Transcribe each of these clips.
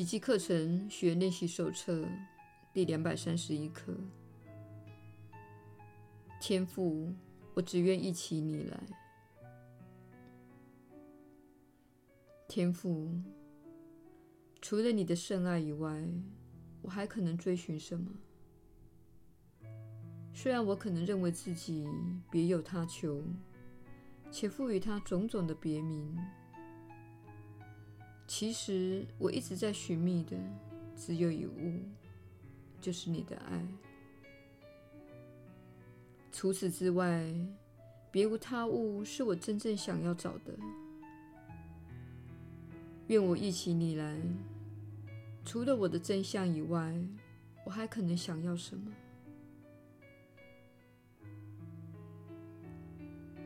奇蹟課程學練習手冊第兩百三十一課。天父，我只願憶起你來。天父，除了你的聖愛以外，我還可能追尋什麼？雖然我可能認為自己別有他求，且賦予它種種的別名。其實我一直在尋覓的，只有一物，就是你的愛。除此之外，別無他物是我真正想要找的。願我憶起你來，除了我的真相以外，我還可能想要什麼？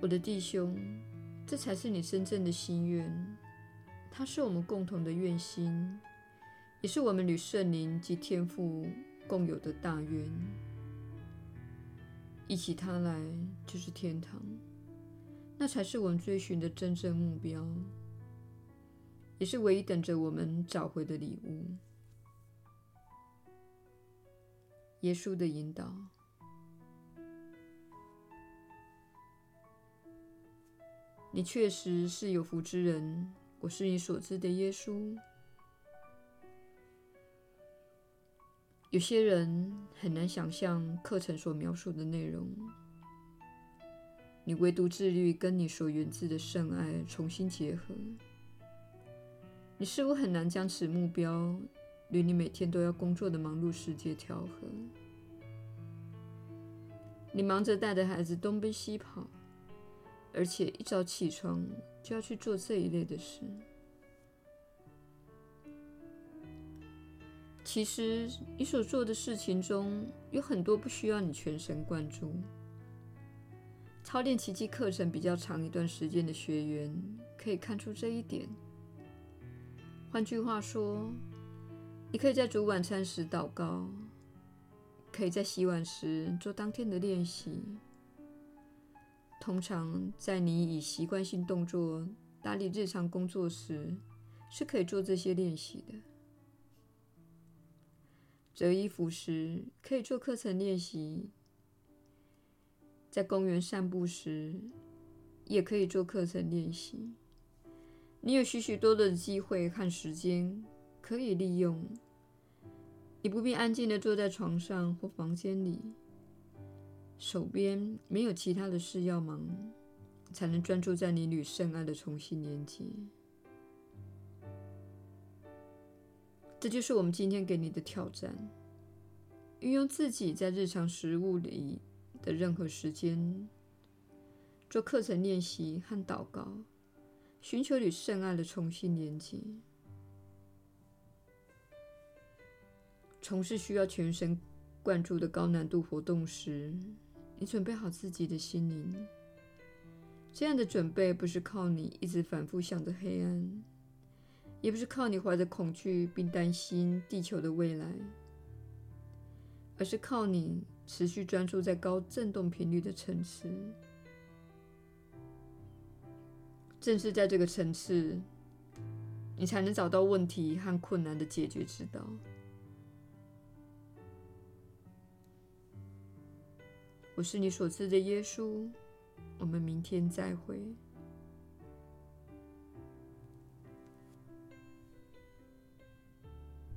我的弟兄，這才是你真正的心願。它是我們共同的願心，也是我們與聖靈及天父共有的大願。憶起它來，就是天堂，那才是我們追尋的真正目標，也是唯一等着我們找回的禮物。耶穌的引導，你確實是有福之人。我是你所知的耶穌。有些人很難想象課程所描述的內容。你唯獨致力於跟你所源自的聖愛重新結合。你似乎很難將此目標與你每天都要工作的忙碌世界調和。你忙着帶着孩子東奔西跑。而且一早起床就要去做這一類的事。其實你所做的事情中有很多不需要你全神貫注。操練奇蹟課程比較長一段時間的學員可以看出這一點。換句話說，你可以在煮晚餐時禱告，可以在洗碗時做當天的練習。通常在你以習慣性動作打理日常工作時，是可以做這些練習的。折衣服時可以做課程練習，在公園散步時也可以做課程練習。你有許許多多的機會和時間可以利用，你不必安靜的坐在床上或房間裡手邊沒有其他的事要忙，才能專注在你與聖愛的重新連接。這就是我們今天給你的挑戰：運用自己在日常事務裡的任何時間，做課程練習和禱告，尋求與聖愛的重新連接。從事需要全神貫注的高難度活動時。你準備好自己的心靈。這樣的準備不是靠你一直反覆想着黑暗，也不是靠你懷着恐懼並擔心地球的未來，而是靠你持續專注在高振動頻率的層次。正是在這個層次，你才能找到問題和困難的解決之道。我是你所賜的耶穌，我們明天再會。